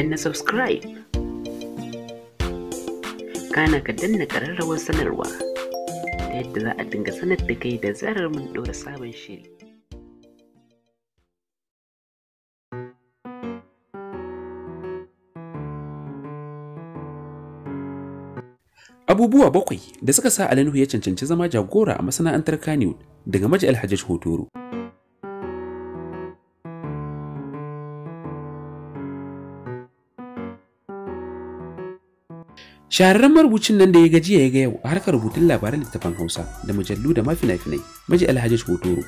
danna subscribe kana ka danna ƙararrawar sanarwa ta yadda za a dinga sanar da kai da zarar mun ɗora sabon shiri abubuwa bakwai da suka sa Nuhu ya cancanci zama jagora a masana'antar kaniwood daga maji alhajjaj hotoro shahararren marubucin nan da ya gajiya ya ga yau a harkar rubutun labaran littafan hausa da mujallu da mafina finai maji alhaji hotoro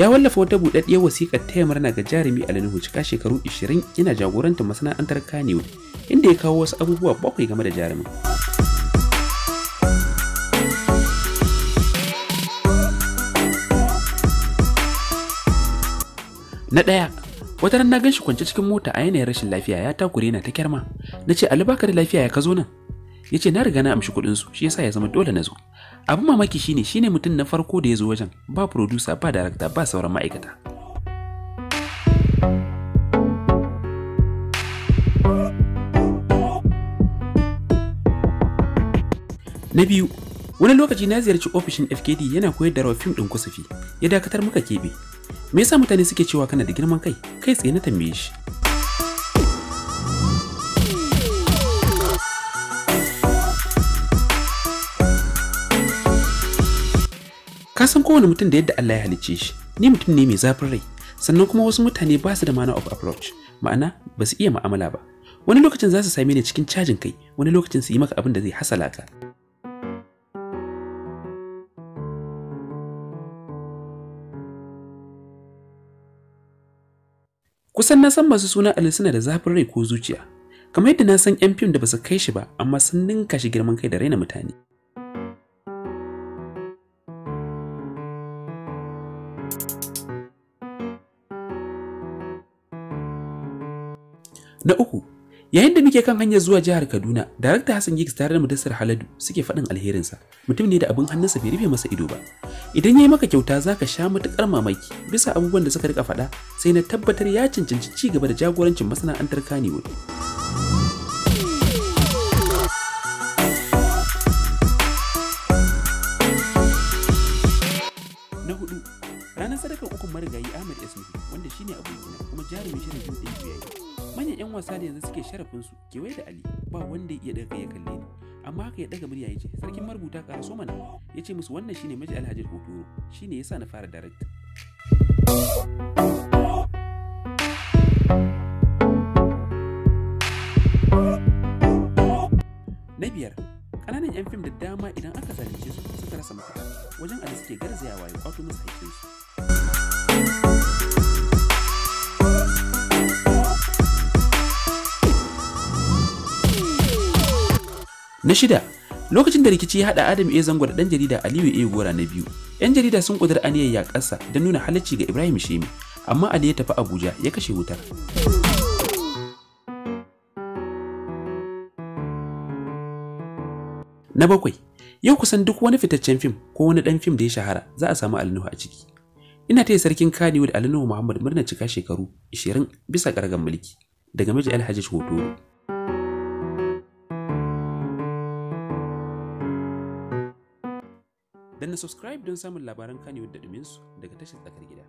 ya wallafa wata buɗaɗɗiyar wasiƙar taya murna ga jarumi Nuhu, cika shekaru 20 yana jagorantar masana'antar kanewa inda ya kawo wasu abubuwa bakwai game da jarumi. na ɗaya wata ran na gan shi kwance cikin mota a yanayin rashin lafiya ya takure na ta kyarma na ce alibaka da lafiya ya ka zo nan ya ce na riga na amshi su shi yasa ya zama dole na zo abin mamaki shine shine mutum na farko da ya zo wajen ba producer ba darakta ba sauran ma'aikata na biyu wani lokaci na ziyarci ofishin fkd yana koyar da rawar fim ɗin kusufi ya dakatar muka kebe me yasa mutane suke cewa kana da girman kai kai tsaye na tambaye shi ka san kowane mutum da yadda Allah ya halicce shi ni mutum ne mai zafin rai sannan kuma wasu mutane ba su da manner of approach ma'ana ba su iya ma'amala ba wani lokacin za su same ni cikin cajin kai wani lokacin su yi maka abin da zai hasala ka kusan na san masu suna Ali suna da zafin rai ko zuciya kamar yadda na san yan fim da ba su kai shi ba amma sun ninka shi girman kai da raina mutane Na uku, yayin da muke kan hanyar zuwa jihar Kaduna, Darakta Hassan Giggs tare da Mudassar Haladu suke faɗin alherinsa. Mutum ne da abin hannunsa bai rufe masa ido ba. Idan ya yi maka kyauta za ka sha matuƙar mamaki bisa abubuwan da suka rika faɗa sai na tabbatar ya cancanci ci gaba da jagorancin masana'antar Kaniwood. Na hudu, ranar sadakar ukun marigayi Ahmed Esmihi wanda shine abokina kuma jarumin shirin fim ɗin 'yan wasa ne yanzu suke sharafinsu kewaye da ali ba wanda ya daga ya kalle ni amma haka ya ɗaga murya ya ce sarkin marubuta ƙara so mana ya ce musu wannan shine Maji alhaji hotoro shine yasa na fara direct na biyar ƙananan 'yan fim da dama idan aka zalunce su suka rasa mafita wajen ali suke garzayawa ya kwato musu haƙƙinsu na shida lokacin da rikici ya haɗa adam A. zango da ɗan jarida aliyu A. gora na biyu yan jarida sun ƙudur aniyar yaƙarsa don nuna halacci ga ibrahim shemi amma ali ya tafi abuja ya kashe wuta na bakwai yau kusan duk wani fitaccen fim ko wani ɗan fim da ya shahara za a samu alinuhu a ciki ina taya sarkin kaniwood alinuhu muhammad murnar cika shekaru 20 bisa ƙargan mulki daga miji alhaji hotoro Dan na subscribe don samun labaran kanewa da ɗuminsu daga tashar tsakar gida.